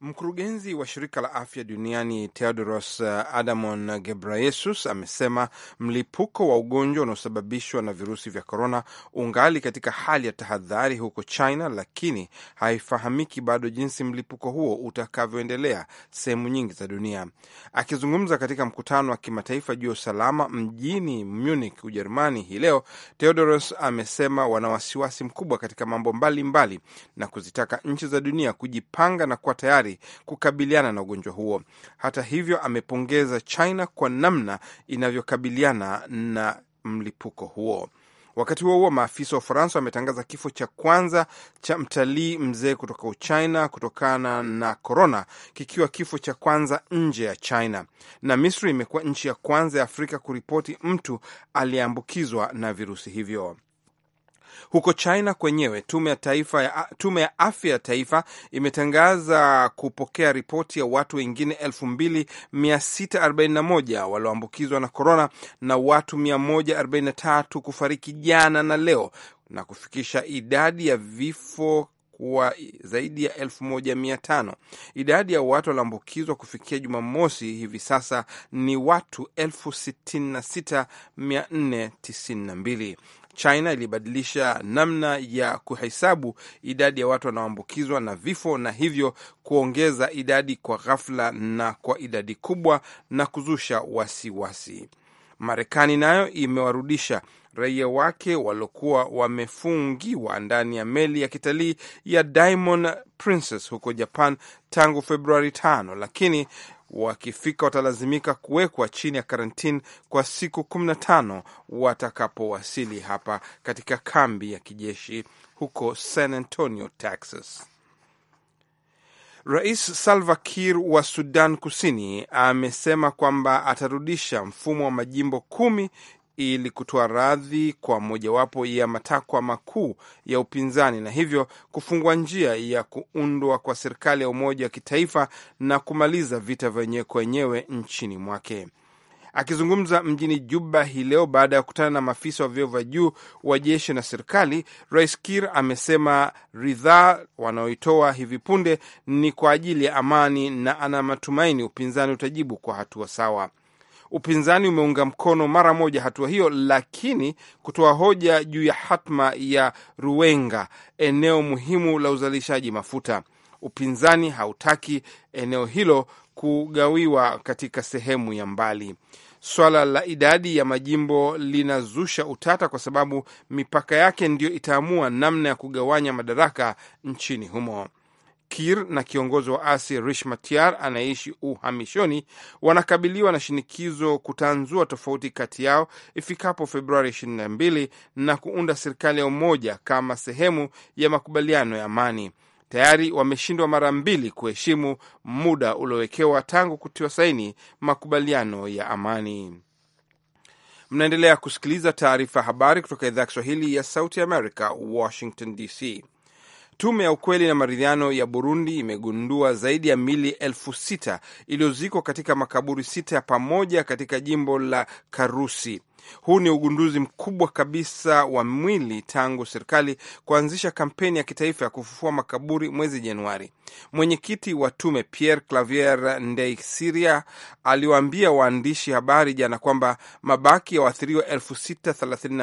Mkurugenzi wa shirika la afya duniani Tedros uh, Adhanom Ghebreyesus amesema mlipuko wa ugonjwa unaosababishwa na virusi vya korona ungali katika hali ya tahadhari huko China, lakini haifahamiki bado jinsi mlipuko huo utakavyoendelea sehemu nyingi za dunia. Akizungumza katika mkutano wa kimataifa juu ya usalama mjini Munich, Ujerumani hii leo, Tedros amesema wana wasiwasi mkubwa katika mambo mbalimbali mbali, na kuzitaka nchi za dunia kujipanga na kuwa tayari tayari kukabiliana na ugonjwa huo. Hata hivyo, amepongeza China kwa namna inavyokabiliana na mlipuko huo. Wakati huo huo, maafisa wa Ufaransa wametangaza kifo cha kwanza cha mtalii mzee kutoka Uchina kutokana na korona, kikiwa kifo cha kwanza nje ya China. Na Misri imekuwa nchi ya kwanza ya Afrika kuripoti mtu aliyeambukizwa na virusi hivyo. Huko China kwenyewe, tume ya taifa ya, tume ya afya ya taifa imetangaza kupokea ripoti ya watu wengine 2641 walioambukizwa na korona na watu 143 kufariki jana na leo na kufikisha idadi ya vifo kuwa zaidi ya 1500. Idadi ya watu walioambukizwa kufikia Jumamosi hivi sasa ni watu 66492. China ilibadilisha namna ya kuhesabu idadi ya watu wanaoambukizwa na vifo na hivyo kuongeza idadi kwa ghafla na kwa idadi kubwa na kuzusha wasiwasi. Marekani nayo imewarudisha raia wake waliokuwa wamefungiwa ndani ya meli ya kitalii ya Diamond Princess huko Japan tangu Februari tano, lakini wakifika watalazimika kuwekwa chini ya karantini kwa siku kumi na tano watakapowasili hapa katika kambi ya kijeshi huko San Antonio, Texas. Rais Salva Kiir wa Sudan Kusini amesema kwamba atarudisha mfumo wa majimbo kumi ili kutoa radhi kwa mojawapo ya matakwa makuu ya upinzani na hivyo kufungua njia ya kuundwa kwa serikali ya umoja wa kitaifa na kumaliza vita vyenyewe kwa wenyewe nchini mwake. Akizungumza mjini Juba hii leo baada ya kukutana na maafisa wa vyeo vya juu wa jeshi na serikali, Rais Kir amesema ridhaa wanaoitoa hivi punde ni kwa ajili ya amani na ana matumaini upinzani utajibu kwa hatua sawa. Upinzani umeunga mkono mara moja hatua hiyo, lakini kutoa hoja juu ya hatma ya Ruwenga, eneo muhimu la uzalishaji mafuta. Upinzani hautaki eneo hilo kugawiwa katika sehemu ya mbali. Swala la idadi ya majimbo linazusha utata kwa sababu mipaka yake ndiyo itaamua namna ya kugawanya madaraka nchini humo. Kir na kiongozi wa asi Rish Matiar anayeishi uhamishoni wanakabiliwa na shinikizo kutanzua tofauti kati yao ifikapo Februari 22 na kuunda serikali ya umoja kama sehemu ya makubaliano ya amani. Tayari wameshindwa mara mbili kuheshimu muda uliowekewa tangu kutiwa saini makubaliano ya amani. Mnaendelea kusikiliza taarifa ya habari kutoka idhaa ya Kiswahili ya Sauti America, Washington DC. Tume ya ukweli na maridhiano ya Burundi imegundua zaidi ya mili elfu sita iliyozikwa katika makaburi sita ya pamoja katika jimbo la Karusi. Huu ni ugunduzi mkubwa kabisa wa mwili tangu serikali kuanzisha kampeni ya kitaifa ya kufufua makaburi mwezi Januari. Mwenyekiti wa tume Pierre Clavier Ndeisiria aliwaambia waandishi habari jana kwamba mabaki ya waathiriwa elfu sita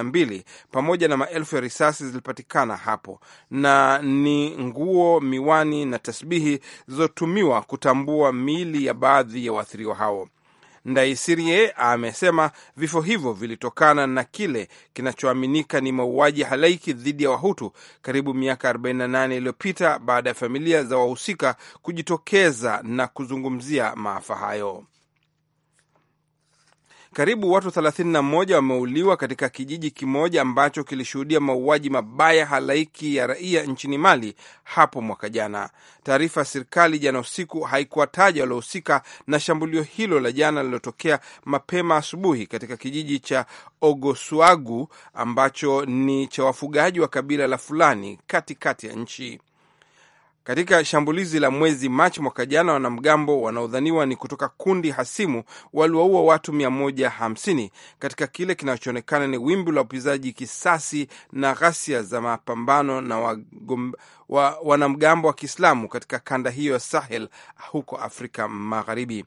mbili pamoja na maelfu ya risasi zilipatikana hapo, na ni nguo, miwani na tasbihi zilizotumiwa kutambua miili ya baadhi ya waathiriwa hao. Ndaisirie amesema vifo hivyo vilitokana na kile kinachoaminika ni mauaji halaiki dhidi ya Wahutu karibu miaka 48 iliyopita baada ya familia za wahusika kujitokeza na kuzungumzia maafa hayo. Karibu watu 31 wameuliwa katika kijiji kimoja ambacho kilishuhudia mauaji mabaya halaiki ya raia nchini Mali hapo mwaka jana. Taarifa ya serikali jana usiku haikuwataja waliohusika na shambulio hilo la jana lililotokea mapema asubuhi katika kijiji cha Ogosuagu ambacho ni cha wafugaji wa kabila la Fulani katikati kati ya nchi. Katika shambulizi la mwezi Machi mwaka jana, wanamgambo wanaodhaniwa ni kutoka kundi hasimu waliwaua watu 150 katika kile kinachoonekana ni wimbi la upizaji kisasi na ghasia za mapambano na wa wanamgambo wa Kiislamu katika kanda hiyo ya Sahel huko Afrika Magharibi.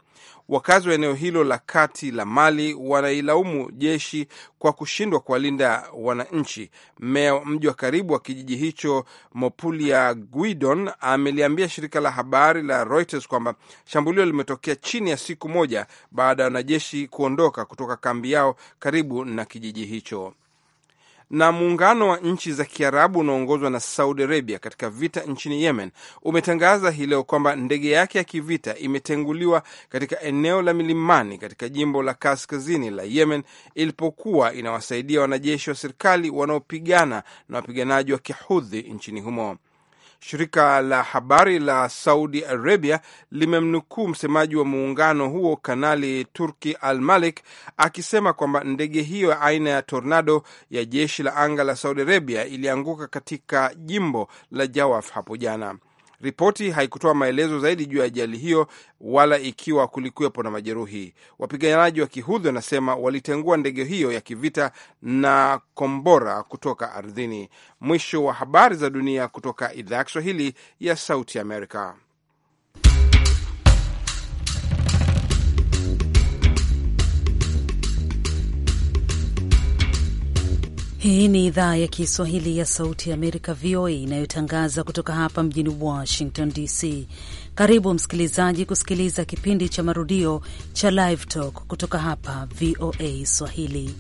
Wakazi wa eneo hilo la kati la Mali wanailaumu jeshi kwa kushindwa kuwalinda wananchi. Meya wa mji wa karibu wa kijiji hicho Mopulia Guidon ameliambia shirika la habari la Reuters kwamba shambulio limetokea chini ya siku moja baada ya wanajeshi kuondoka kutoka kambi yao karibu na kijiji hicho na muungano wa nchi za Kiarabu unaoongozwa na Saudi Arabia katika vita nchini Yemen umetangaza hii leo kwamba ndege yake ya kivita imetenguliwa katika eneo la milimani katika jimbo la kaskazini la Yemen ilipokuwa inawasaidia wanajeshi wa serikali wanaopigana na wapiganaji wa Kihudhi nchini humo. Shirika la habari la Saudi Arabia limemnukuu msemaji wa muungano huo Kanali Turki Al Malik akisema kwamba ndege hiyo ya aina ya Tornado ya jeshi la anga la Saudi Arabia ilianguka katika jimbo la Jawaf hapo jana. Ripoti haikutoa maelezo zaidi juu ya ajali hiyo wala ikiwa kulikuwepo na majeruhi. Wapiganaji wa kihudhi wanasema walitengua ndege hiyo ya kivita na kombora kutoka ardhini. Mwisho wa habari za dunia kutoka idhaa ya Kiswahili ya Sauti Amerika. Hii ni idhaa ya Kiswahili ya Sauti ya Amerika, VOA, inayotangaza kutoka hapa mjini Washington DC. Karibu msikilizaji kusikiliza kipindi cha marudio cha Live Talk kutoka hapa VOA Swahili.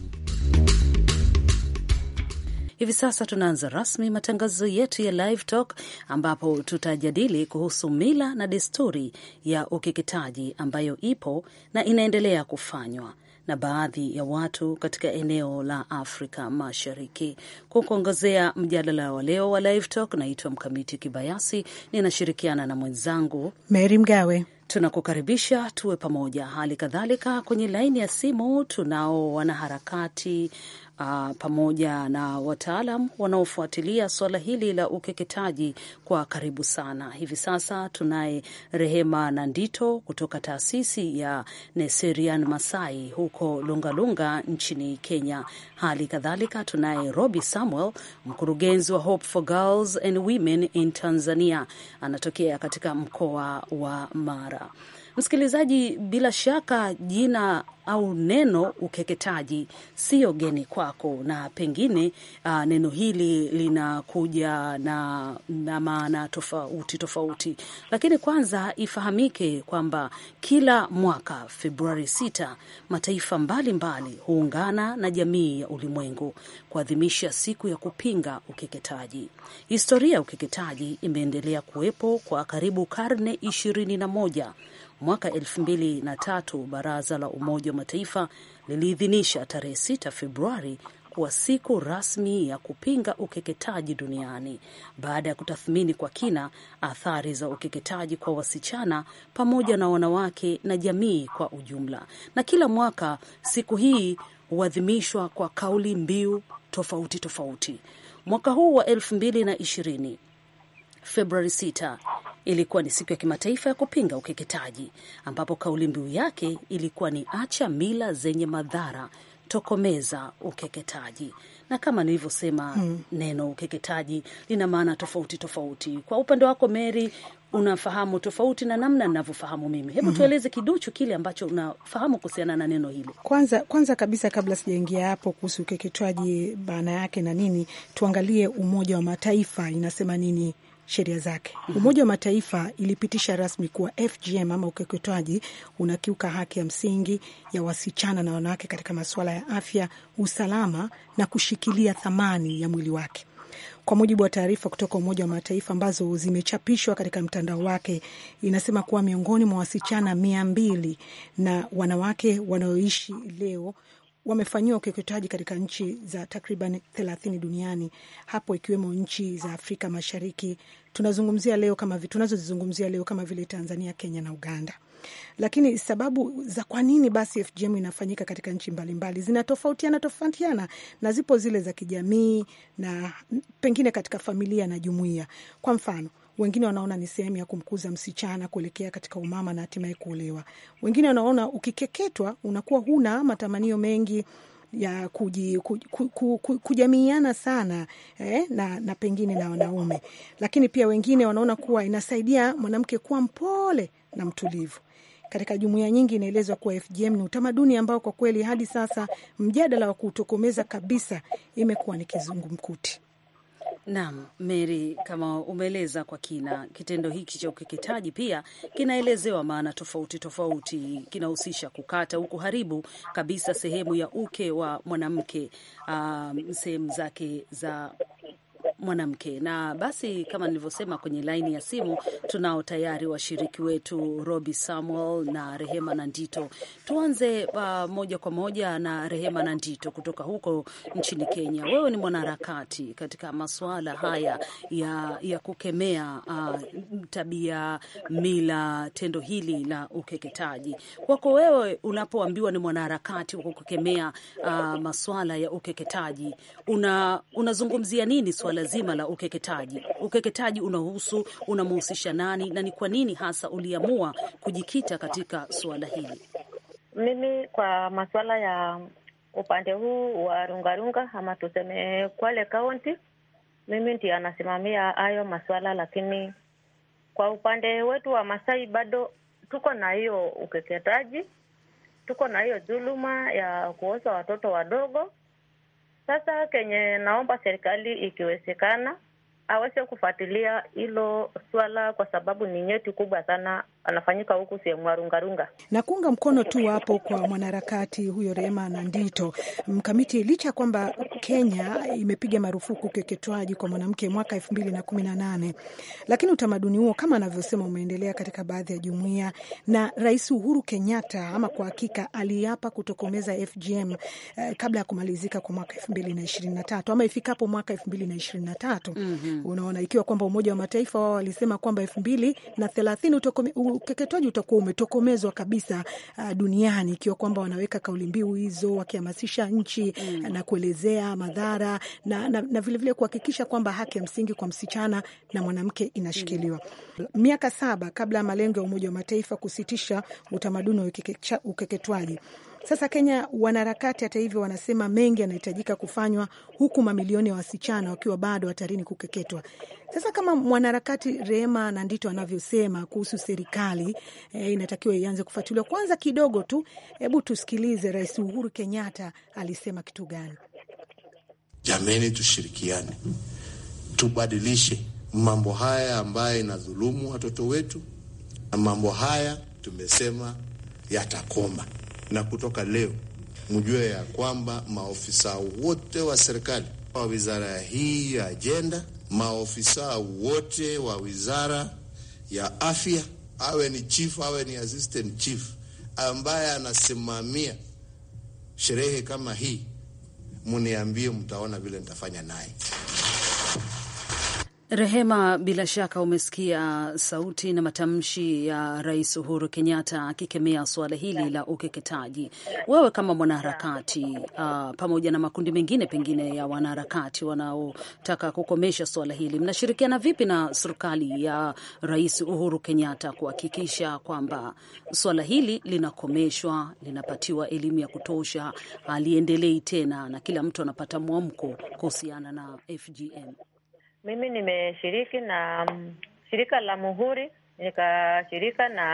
Hivi sasa tunaanza rasmi matangazo yetu ya Live Talk ambapo tutajadili kuhusu mila na desturi ya ukeketaji ambayo ipo na inaendelea kufanywa na baadhi ya watu katika eneo la Afrika Mashariki. Kwa kuongezea mjadala wa leo wa Live Talk, naitwa Mkamiti Kibayasi, ninashirikiana na mwenzangu Meri Mgawe. Tunakukaribisha tuwe pamoja. Hali kadhalika kwenye laini ya simu tunao wanaharakati uh, pamoja na wataalam wanaofuatilia suala hili la ukeketaji kwa karibu sana. Hivi sasa tunaye Rehema Nandito kutoka taasisi ya Neserian Masai huko Lungalunga nchini Kenya. Hali kadhalika tunaye Robi Samuel, mkurugenzi wa Hope for Girls and Women in Tanzania, anatokea katika mkoa wa Mara. Msikilizaji, bila shaka jina au neno ukeketaji sio geni kwako, na pengine uh, neno hili linakuja na, na maana tofauti tofauti, lakini kwanza ifahamike kwamba kila mwaka Februari 6 mataifa mbalimbali huungana na jamii ya ulimwengu kuadhimisha siku ya kupinga ukeketaji. Historia ya ukeketaji imeendelea kuwepo kwa karibu karne ishirini na moja mwaka elfu mbili na tatu baraza la Umoja wa Mataifa liliidhinisha tarehe 6 Februari kuwa siku rasmi ya kupinga ukeketaji duniani baada ya kutathmini kwa kina athari za ukeketaji kwa wasichana pamoja na wanawake na jamii kwa ujumla. Na kila mwaka siku hii huadhimishwa kwa kauli mbiu tofauti tofauti. Mwaka huu wa elfu mbili na ishirini Februari 6 ilikuwa ni siku ya kimataifa ya kupinga ukeketaji, ambapo kauli mbiu yake ilikuwa ni acha mila zenye madhara, tokomeza ukeketaji. Na kama nilivyosema, hmm, neno ukeketaji lina maana tofauti tofauti. Kwa upande wako Mary, unafahamu tofauti na namna ninavyofahamu mimi. Hebu mm -hmm. tueleze kiduchu kile ambacho unafahamu kuhusiana na neno hili. Kwanza kwanza kabisa kabla sijaingia hapo kuhusu ukeketwaji maana yake na nini, tuangalie Umoja wa Mataifa inasema nini sheria zake. Umoja wa Mataifa ilipitisha rasmi kuwa FGM ama ukeketaji unakiuka haki ya msingi ya wasichana na wanawake katika masuala ya afya, usalama na kushikilia thamani ya mwili wake. Kwa mujibu wa taarifa kutoka Umoja wa Mataifa ambazo zimechapishwa katika mtandao wake, inasema kuwa miongoni mwa wasichana mia mbili na wanawake wanaoishi leo wamefanyiwa ukeketaji katika nchi za takriban thelathini duniani hapo ikiwemo nchi za Afrika Mashariki tunazungumzia leo kama tunazozizungumzia leo kama vile Tanzania, Kenya na Uganda. Lakini sababu za kwa nini basi FGM inafanyika katika nchi mbalimbali zinatofautiana tofautiana, na zipo zile za kijamii na pengine katika familia na jumuia Kwa mfano wengine wanaona ni sehemu ya kumkuza msichana kuelekea katika umama na hatimaye kuolewa. Wengine wanaona ukikeketwa unakuwa huna matamanio mengi ya kuji, ku, ku, ku, ku, kujamiiana sana eh, na, na pengine na wanaume. Lakini pia wengine wanaona kuwa inasaidia mwanamke kuwa mpole na mtulivu. Katika jumuiya nyingi inaelezwa kuwa FGM ni utamaduni ambao kwa kweli hadi sasa mjadala wa kutokomeza kabisa imekuwa ni kizungumkuti. Naam, Mary, kama umeeleza kwa kina, kitendo hiki cha ukeketaji pia kinaelezewa maana tofauti tofauti. Kinahusisha kukata au kuharibu kabisa sehemu ya uke wa mwanamke, um, sehemu zake za mwanamke. Na basi kama nilivyosema, kwenye laini ya simu tunao tayari washiriki wetu Robi Samuel na Rehema na Ndito. Tuanze uh, moja kwa moja na Rehema na Ndito kutoka huko nchini Kenya. Wewe ni mwanaharakati katika masuala haya ya, ya kukemea uh, tabia, mila, tendo hili la ukeketaji. Kwako wewe unapoambiwa ni mwanaharakati wa kukemea uh, masuala ya ukeketaji, unazungumzia una nini swala zima la ukeketaji. Ukeketaji unahusu unamhusisha nani, na ni kwa nini hasa uliamua kujikita katika suala hili? Mimi kwa masuala ya upande huu wa Rungarunga ama tuseme Kwale Kaunti, mimi ndiye anasimamia hayo masuala, lakini kwa upande wetu wa Masai bado tuko na hiyo ukeketaji, tuko na hiyo dhuluma ya kuoza watoto wadogo sasa kenye naomba serikali ikiwezekana aweze kufuatilia hilo swala, kwa sababu ni nyeti kubwa sana anafanyika huku sehemu ya Rungarunga na kuunga mkono tu hapo kwa mwanaharakati huyo Rehema na Ndito mkamiti. Licha ya kwamba Kenya imepiga marufuku ukeketwaji kwa mwanamke mwaka elfu mbili na kumi na nane, lakini utamaduni huo kama anavyosema umeendelea katika baadhi ya jumuia, na Rais Uhuru Kenyatta ama kwa hakika aliapa kutokomeza FGM eh, kabla ya kumalizika kwa mwaka elfu mbili na ishirini na tatu ama ifikapo mwaka elfu mbili na ishirini na tatu. mm -hmm. Unaona, ikiwa kwamba Umoja wa Mataifa wao walisema kwamba elfu mbili na thelathini utokome ukeketwaji utakuwa umetokomezwa kabisa uh, duniani ikiwa kwamba wanaweka kauli mbiu hizo wakihamasisha nchi mm. na kuelezea madhara na, na, na vilevile kuhakikisha kwamba haki ya msingi kwa msichana na mwanamke inashikiliwa mm. miaka saba kabla ya malengo ya Umoja wa Mataifa kusitisha utamaduni wa ukeketwaji sasa Kenya wanaharakati, hata hivyo, wanasema mengi yanahitajika kufanywa, huku mamilioni ya wasichana wakiwa bado hatarini kukeketwa. Sasa kama mwanaharakati Rehema na Ndito anavyosema kuhusu serikali e, inatakiwa ianze kufuatiliwa kwanza kidogo tu. Hebu tusikilize Rais Uhuru Kenyatta alisema kitu gani. Jameni, tushirikiane, tubadilishe mambo haya ambayo inadhulumu watoto wetu, na mambo haya tumesema yatakoma na kutoka leo mjue ya kwamba maofisa wote wa serikali wa wizara hii ya ajenda, maofisa wote wa wizara ya afya, awe ni chief, awe ni assistant chief, ambaye anasimamia sherehe kama hii, muniambie, mtaona vile nitafanya naye. Rehema, bila shaka umesikia sauti na matamshi ya Rais Uhuru Kenyatta akikemea suala hili la ukeketaji. Wewe kama mwanaharakati uh, pamoja na makundi mengine pengine ya wanaharakati wanaotaka kukomesha suala hili, mnashirikiana vipi na serikali ya Rais Uhuru Kenyatta kuhakikisha kwamba suala hili linakomeshwa, linapatiwa elimu ya kutosha, aliendelei tena, na kila mtu anapata mwamko kuhusiana na FGM? Mimi nimeshiriki na mm, shirika la Muhuri, nikashirika na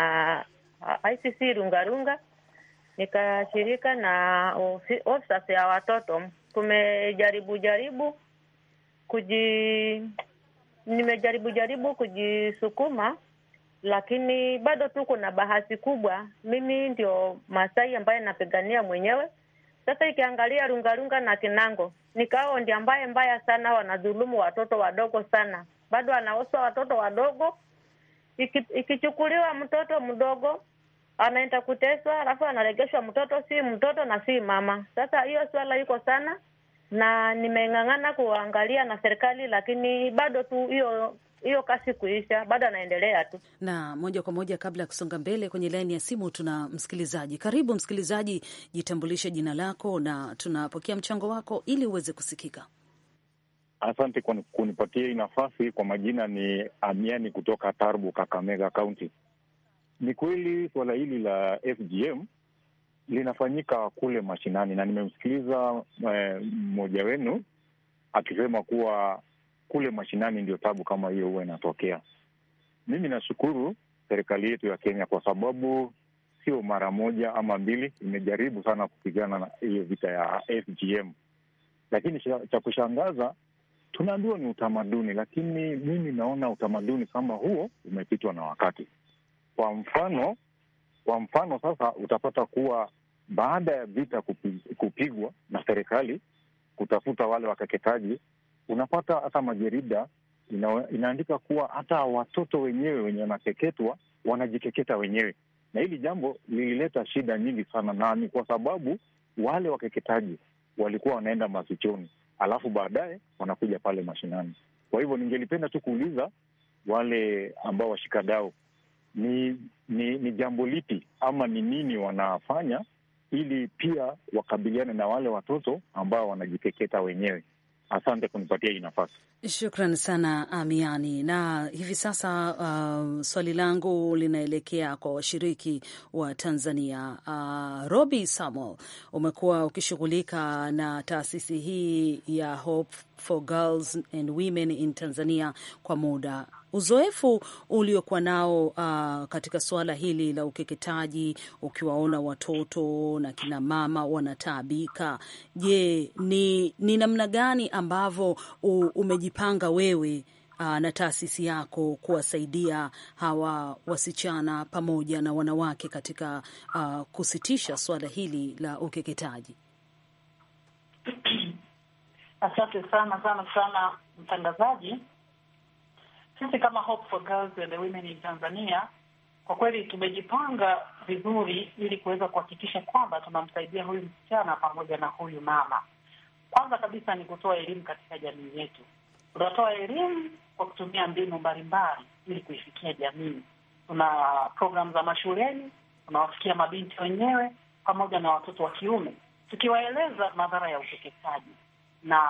uh, ICC Rungarunga, nikashirika na ofisa ya watoto. Tumejaribu jaribu kuji, nimejaribu jaribu kujisukuma, lakini bado tu kuna bahati kubwa. Mimi ndio Masai ambaye napigania mwenyewe sasa ikiangalia rungarunga na Kinango ni kaunti ambaye mbaya sana, wanadhulumu watoto wadogo sana, bado anaoswa watoto wadogo. Ikichukuliwa mtoto mdogo anaenda kuteswa, alafu anaregeshwa mtoto, si mtoto na si mama. Sasa hiyo swala iko sana na nimeng'ang'ana kuangalia na serikali, lakini bado tu hiyo hiyo kasi kuisha, bado anaendelea tu. Na moja kwa moja, kabla ya kusonga mbele, kwenye laini ya simu tuna msikilizaji. Karibu msikilizaji, jitambulishe jina lako na tunapokea mchango wako ili uweze kusikika. Asante kunipatia hii nafasi. Kwa majina ni Amiani kutoka tarbu Kakamega Kaunti. Ni kweli suala hili la FGM linafanyika kule mashinani, na nimemsikiliza eh, mmoja eh, wenu akisema kuwa kule mashinani ndio tabu kama hiyo huwa inatokea. Mimi nashukuru serikali yetu ya Kenya kwa sababu sio mara moja ama mbili imejaribu sana kupigana na hiyo vita ya FGM, lakini cha kushangaza tunaambiwa ni utamaduni, lakini mimi naona utamaduni kama huo umepitwa na wakati. Kwa mfano, kwa mfano sasa utapata kuwa baada ya vita kupigwa na serikali kutafuta wale wakeketaji unapata hata majarida ina, inaandika kuwa hata watoto wenyewe wenye wanakeketwa wanajikeketa wenyewe, na hili jambo lilileta shida nyingi sana, na ni kwa sababu wale wakeketaji walikuwa wanaenda masichoni alafu baadaye wanakuja pale mashinani. Kwa hivyo ningelipenda tu kuuliza wale ambao washikadao ni, ni ni jambo lipi ama ni nini wanafanya ili pia wakabiliane na wale watoto ambao wanajikeketa wenyewe. Asante kunipatia hii nafasi. Shukran sana Amiani. Na hivi sasa uh, swali langu linaelekea kwa washiriki wa Tanzania. Uh, Robi Samuel, umekuwa ukishughulika na taasisi hii ya Hope for Girls and Women in Tanzania kwa muda uzoefu uliokuwa nao uh, katika suala hili la ukeketaji, ukiwaona watoto na kina mama wanataabika. Je, ni, ni namna gani ambavyo umejipanga wewe uh, na taasisi yako kuwasaidia hawa wasichana pamoja na wanawake katika uh, kusitisha suala hili la ukeketaji? Asante sana sana sana mtangazaji sisi kama Hope for Girls and Women in Tanzania kwa kweli tumejipanga vizuri ili kuweza kuhakikisha kwamba tunamsaidia huyu msichana pamoja na huyu mama. Kwanza kabisa ni kutoa elimu katika jamii yetu. Tunatoa elimu kwa kutumia mbinu mbalimbali ili kuifikia jamii. Tuna programu za mashuleni, tunawafikia mabinti wenyewe pamoja na watoto wa kiume, tukiwaeleza madhara ya ukeketaji, na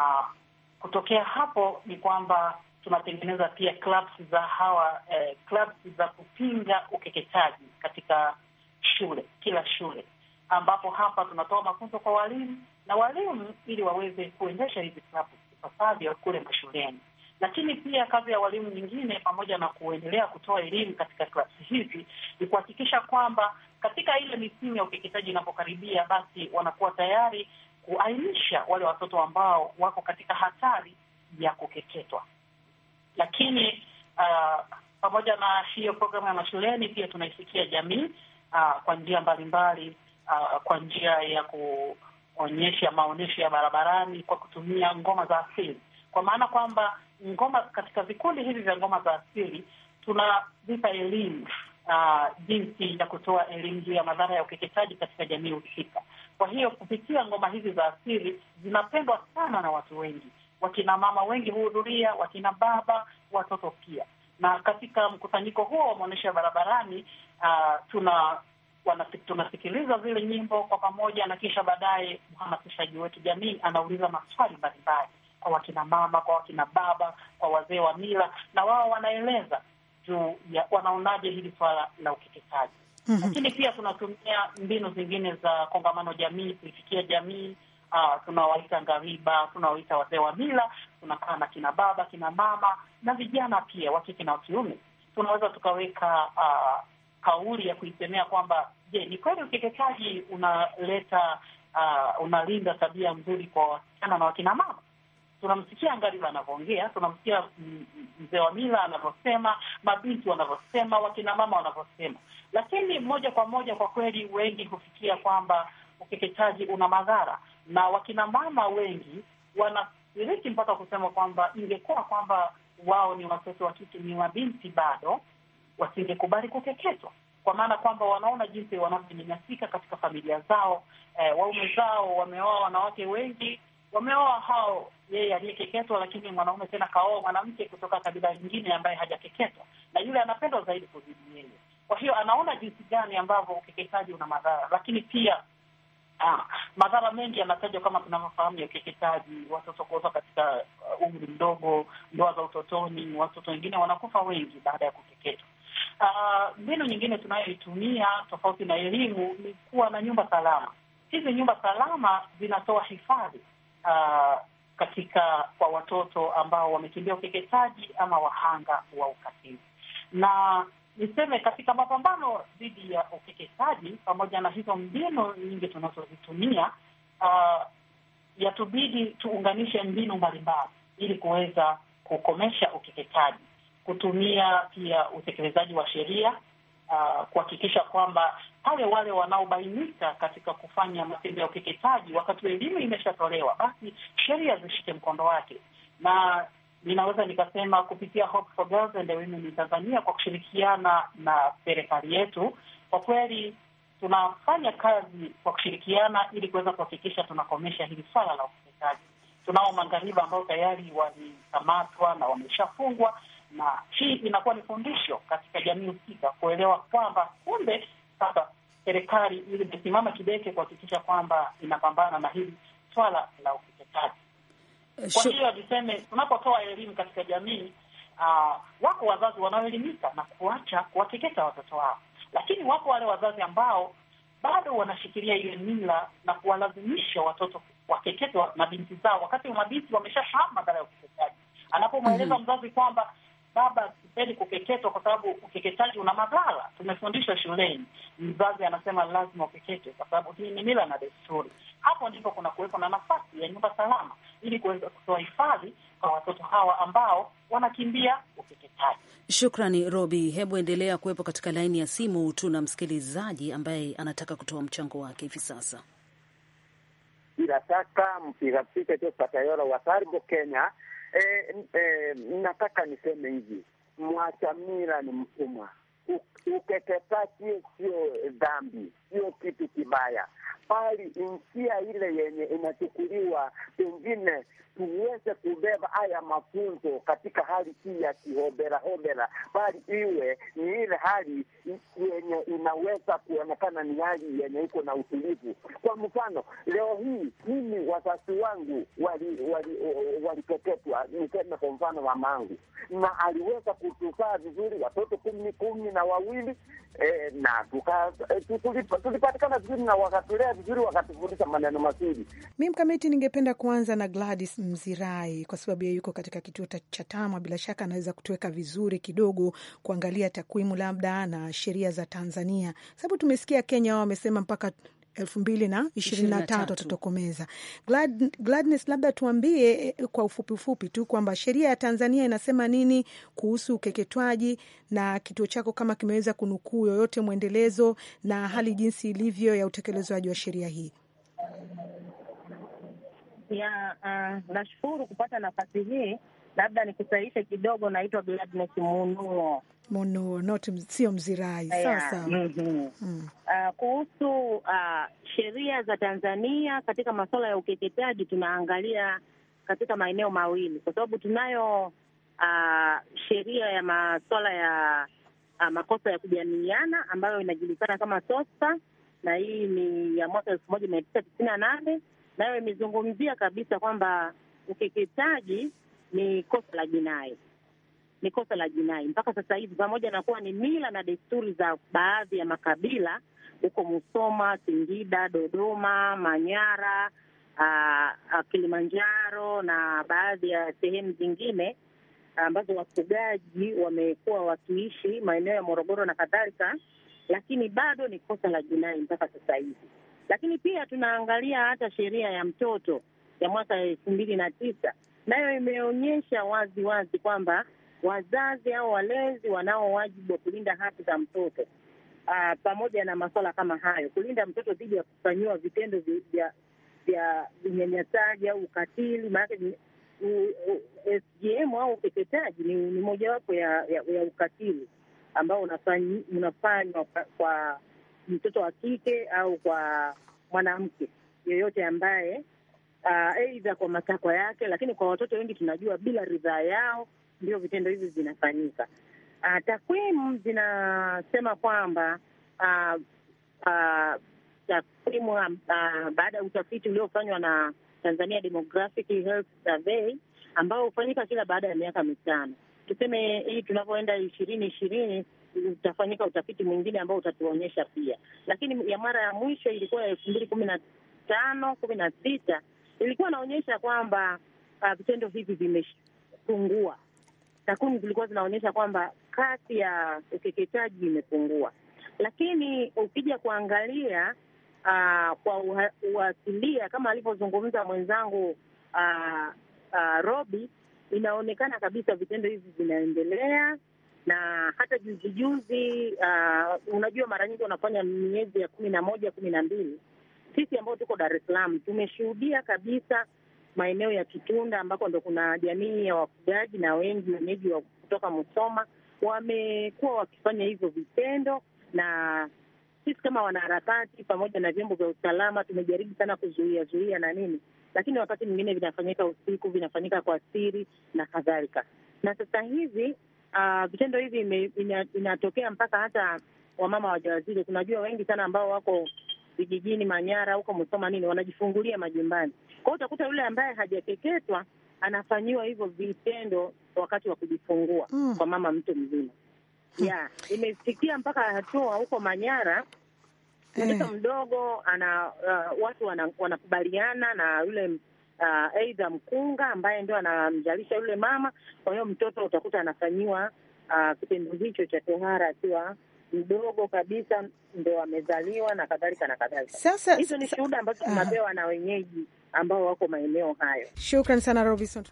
kutokea hapo ni kwamba tunatengeneza pia clubs za hawa eh, clubs za kupinga ukeketaji katika shule, kila shule, ambapo hapa tunatoa mafunzo kwa walimu na walimu ili waweze kuendesha hizi clubs ipasavyo kule mashuleni. Lakini pia kazi ya walimu nyingine, pamoja na kuendelea kutoa elimu katika klasi hizi, ni kuhakikisha kwamba katika ile misimu ya ukeketaji inapokaribia, basi wanakuwa tayari kuainisha wale watoto ambao wako katika hatari ya kukeketwa. Lakini uh, pamoja na hiyo programu ya mashuleni pia tunaifikia jamii uh, kwa njia mbalimbali uh, kwa njia ya kuonyesha maonyesho ya barabarani kwa kutumia ngoma za asili, kwa maana kwamba ngoma katika vikundi hivi vya ngoma za asili tunavipa elimu uh, jinsi ya kutoa elimu juu ya madhara ya ukeketaji katika jamii husika. Kwa hiyo kupitia ngoma hizi za asili zinapendwa sana na watu wengi, wakina mama wengi huhudhuria, wakina baba, watoto pia. Na katika mkusanyiko huo wa maonyesho ya barabarani uh, tuna tunasikiliza zile nyimbo kwa pamoja, na kisha baadaye mhamasishaji wetu jamii anauliza maswali mbalimbali kwa wakina mama, kwa wakina baba, kwa wazee wa mila, na wao wanaeleza juu ya wanaonaje hili swala la ukeketaji. Mm -hmm. Lakini pia tunatumia mbinu zingine za kongamano jamii, kuifikia jamii Ah, tunawaita ngariba, tunawaita wazee wa mila, tunakaa na kina baba, kina mama na vijana pia wa kike na wa kiume. Tunaweza tukaweka uh, kauli ya kuisemea kwamba je, ni kweli ukeketaji unaleta uh, unalinda tabia nzuri kwa wasichana na wakina mama? Tunamsikia ngariba anavyoongea, tunamsikia mzee wa mila anavyosema, mabinti wanavyosema, wakina mama wanavyosema, lakini moja kwa moja, kwa kweli wengi hufikia kwamba ukeketaji una madhara na wakinamama wengi wanashiriki mpaka kusema kwamba ingekuwa kwamba wao ni watoto wa kike, ni mabinti, bado wasingekubali kukeketwa, kwa maana kwamba wanaona jinsi wanavyonyanyasika katika familia zao. E, waume zao wameoa wanawake wengi, wameoa hao yeye aliyekeketwa, lakini mwanaume tena kaoa mwanamke kutoka kabila lingine ambaye hajakeketwa, na yule anapendwa zaidi kuzidi yeye. Kwa hiyo anaona jinsi gani ambavyo ukeketaji una madhara, lakini pia Ah, madhara mengi yanatajwa kama tunavyofahamu ya ukeketaji, watoto kuoza katika uh, umri mdogo, ndoa za utotoni, watoto wengine wanakufa wengi baada ya kukeketwa. Ah, mbinu nyingine tunayoitumia tofauti na elimu ni kuwa na nyumba salama. Hizi nyumba salama zinatoa hifadhi ah, katika kwa watoto ambao wamekimbia ukeketaji ama wahanga wa ukatili na niseme katika mapambano dhidi ya ukeketaji pamoja na hizo mbinu nyingi tunazozitumia, uh, yatubidi tuunganishe mbinu mbalimbali ili kuweza kukomesha ukeketaji, kutumia pia utekelezaji wa sheria uh, kuhakikisha kwamba pale wale wanaobainika katika kufanya matendo ya ukeketaji, wakati elimu imeshatolewa, basi sheria zishike mkondo wake na ninaweza nikasema kupitia Hope for Girls and Women in Tanzania kwa kushirikiana na serikali yetu, kwa kweli tunafanya kazi kwa kushirikiana ili kuweza kuhakikisha tunakomesha hili swala la utekaji. Tunao mangariba ambao tayari walikamatwa na wameshafungwa, na hii inakuwa ni fundisho katika jamii husika kuelewa kwamba kumbe sasa serikali ili imesimama kidete kuhakikisha kwamba inapambana na hili swala la utekaji. Kwa hiyo tuseme, tunapotoa elimu katika jamii uh, wako wazazi wanaoelimika na kuacha kuwakeketa watoto wao, lakini wako wale wazazi ambao bado wanashikilia ile mila na kuwalazimisha watoto wakeketwa na binti zao, wakati mabinti wameshafahamu madhara ya ukeketaji. Anapomweleza mm -hmm. mzazi kwamba baba sipendi kukeketwa kwa sababu ukeketaji una madhara. Tumefundishwa shuleni, mzazi anasema lazima ukekete kwa sababu hii ni mila na desturi. Hapo ndipo kuna kuwepo na nafasi ya nyumba salama ili kuweza kutoa hifadhi kwa watoto hawa ambao wanakimbia ukeketaji. Shukrani Robi, hebu endelea kuwepo katika laini ya simu. Tuna msikilizaji ambaye anataka kutoa mchango wake hivi sasa. Bila shaka mpiga picha Josephat wa Taribo, Kenya E, e, nataka niseme hivi, Mwasamira ni mtumwa. Ukeketaji sio dhambi, sio kitu kibaya bali njia ile yenye inachukuliwa, pengine tuweze kubeba haya mafunzo katika hali hii ya kihoberahobera, bali iwe ni ile hali yenye inaweza kuonekana ni hali yenye iko na utulivu. Kwa mfano, leo hii mimi wazazi wangu walikeketwa, wali, wali niseme kwa mfano mamangu, na aliweza kutuzaa vizuri watoto kumi kumi na wawili Eh, na eh, tulipatikana vizuri na wakatulea vizuri, wakatufundisha maneno mazuri. Mi mkamiti, ningependa kuanza na Gladys Mzirai kwa sababu yeye yuko katika kituo cha TAMWA, bila shaka anaweza kutuweka vizuri kidogo, kuangalia takwimu labda na sheria za Tanzania, sababu tumesikia Kenya wao wamesema mpaka elfu mbili na ishirini na tatu tutokomeza Glad, Gladness, labda tuambie eh, kwa ufupi ufupi tu kwamba sheria ya Tanzania inasema nini kuhusu ukeketwaji na kituo chako kama kimeweza kunukuu yoyote mwendelezo na hali jinsi ilivyo ya utekelezwaji wa sheria hii ya uh, nashukuru kupata nafasi hii. Labda nikusaidie kidogo, naitwa Gladness Munuo. Mono, not sio mzirai sasa. mm -hmm. mm. Uh, kuhusu uh, sheria za Tanzania katika masuala ya ukeketaji tunaangalia katika maeneo mawili, kwa sababu tunayo uh, sheria ya masuala ya uh, makosa ya kujamiiana ambayo inajulikana kama SOSA na hii ni ya mwaka elfu moja mia tisa tisini na nane nayo imezungumzia kabisa kwamba ukeketaji ni kosa la jinai ni kosa la jinai mpaka sasa hivi, pamoja na kuwa ni mila na desturi za baadhi ya makabila huko Musoma, Singida, Dodoma, Manyara, uh, Kilimanjaro na baadhi ya sehemu zingine ambazo wafugaji wamekuwa wakiishi maeneo ya Morogoro na kadhalika, lakini bado ni kosa la jinai mpaka sasa hivi. Lakini pia tunaangalia hata sheria ya mtoto ya mwaka elfu mbili na tisa nayo imeonyesha wazi wazi kwamba wazazi au walezi wanao wajibu wa kulinda haki za mtoto aa, ah, pamoja na masuala kama hayo, kulinda mtoto dhidi ya kufanyiwa vitendo vya unyanyasaji au ukatili. Maanake SGM au ukeketaji ni, ni mojawapo ya, ya, ya ukatili ambao unafanywa kwa mtoto wa kike au kwa mwanamke yoyote ambaye ah, aidha kwa matakwa yake, lakini kwa watoto wengi tunajua bila ridhaa yao ndio vitendo hivi vinafanyika. Uh, takwimu zinasema kwamba uh, uh, takwimu uh, baada ya utafiti uliofanywa na Tanzania Demographic Health Survey ambao hufanyika kila baada ya miaka mitano, tuseme hii tunavyoenda ishirini ishirini utafanyika utafiti mwingine ambao utatuonyesha pia, lakini ya mara ya mwisho ilikuwa elfu mbili kumi na tano kumi na sita ilikuwa inaonyesha kwamba vitendo uh, hivi vimepungua takwimu zilikuwa zinaonyesha kwamba kasi ya ukeketaji imepungua, lakini ukija kuangalia uh, kwa uasilia kama alivyozungumza mwenzangu uh, uh, Robi, inaonekana kabisa vitendo hivi vinaendelea na hata juzi juzi, uh, unajua mara nyingi wanafanya miezi ya kumi na moja kumi na mbili. Sisi ambao tuko Dar es Salaam tumeshuhudia kabisa maeneo ya Kitunda ambako ndo kuna jamii ya wafugaji na wengi wenyeji wa kutoka Musoma wamekuwa wakifanya hivyo vitendo, na sisi kama wanaharakati pamoja na vyombo vya usalama tumejaribu sana kuzuia zuia na nini, lakini wakati mwingine vinafanyika usiku, vinafanyika kwa siri na kadhalika. Na sasa hivi uh, vitendo hivi ina, inatokea mpaka hata wamama wajawazito. Tunajua wengi sana ambao wako vijijini Manyara huko Musoma nini, wanajifungulia majumbani. kwao. utakuta yule ambaye hajakeketwa anafanyiwa hivyo vitendo wakati wa kujifungua mm. kwa mama mtu mzima mm. yeah. Imefikia mpaka hatua huko Manyara eh. mtoto mm. mdogo ana uh, watu wanakubaliana na yule uh, aidha mkunga ambaye ndio anamjalisha yule mama. Kwa hiyo mtoto utakuta anafanyiwa uh, kitendo hicho cha tohara akiwa mdogo kabisa ndo amezaliwa na kadhalika na kadhalika. Sasa hizo ni shuhuda ambazo ah. tunapewa na wenyeji ambao wako maeneo hayo. Shukran sana Robinson.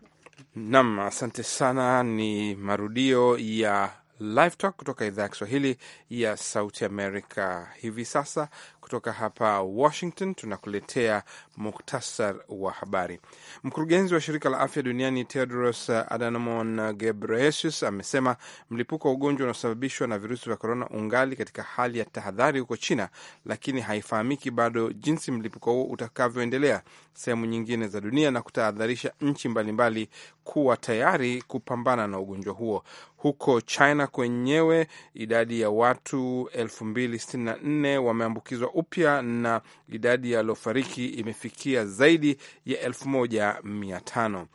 Naam, asante sana. Ni marudio ya Live Talk kutoka idhaa ya Kiswahili ya Sauti Amerika hivi sasa kutoka hapa Washington tunakuletea muktasar wa habari. Mkurugenzi wa shirika la afya duniani Tedros Adhanom Ghebreyesus amesema mlipuko wa ugonjwa unaosababishwa na virusi vya korona ungali katika hali ya tahadhari huko China, lakini haifahamiki bado jinsi mlipuko huo utakavyoendelea sehemu nyingine za dunia, na kutahadharisha nchi mbalimbali kuwa tayari kupambana na ugonjwa huo. Huko China kwenyewe idadi ya watu 2064 wameambukizwa upya na idadi ya waliofariki imefikia zaidi ya elfu moja mia tano.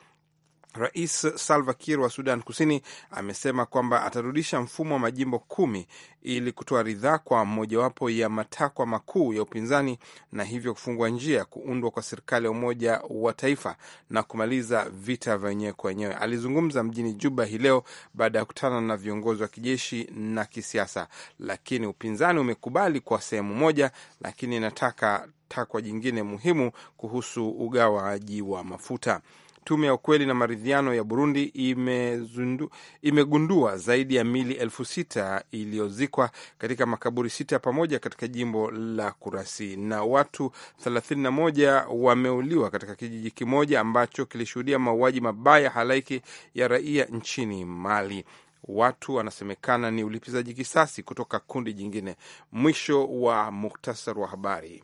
Rais Salva Kiir wa Sudan Kusini amesema kwamba atarudisha mfumo wa majimbo kumi ili kutoa ridhaa kwa mojawapo ya matakwa makuu ya upinzani na hivyo kufungua njia kuundwa kwa serikali ya umoja wa taifa na kumaliza vita vya wenyewe kwa wenyewe. Alizungumza mjini Juba hii leo baada ya kukutana na viongozi wa kijeshi na kisiasa, lakini upinzani umekubali kwa sehemu moja, lakini inataka takwa jingine muhimu kuhusu ugawaji wa mafuta tume ya ukweli na maridhiano ya Burundi imezundu, imegundua zaidi ya mili elfu sita iliyozikwa katika makaburi sita pamoja katika jimbo la Kurasi na watu 31 wameuliwa katika kijiji kimoja ambacho kilishuhudia mauaji mabaya halaiki ya raia nchini Mali. Watu wanasemekana ni ulipizaji kisasi kutoka kundi jingine. Mwisho wa muktasar wa habari.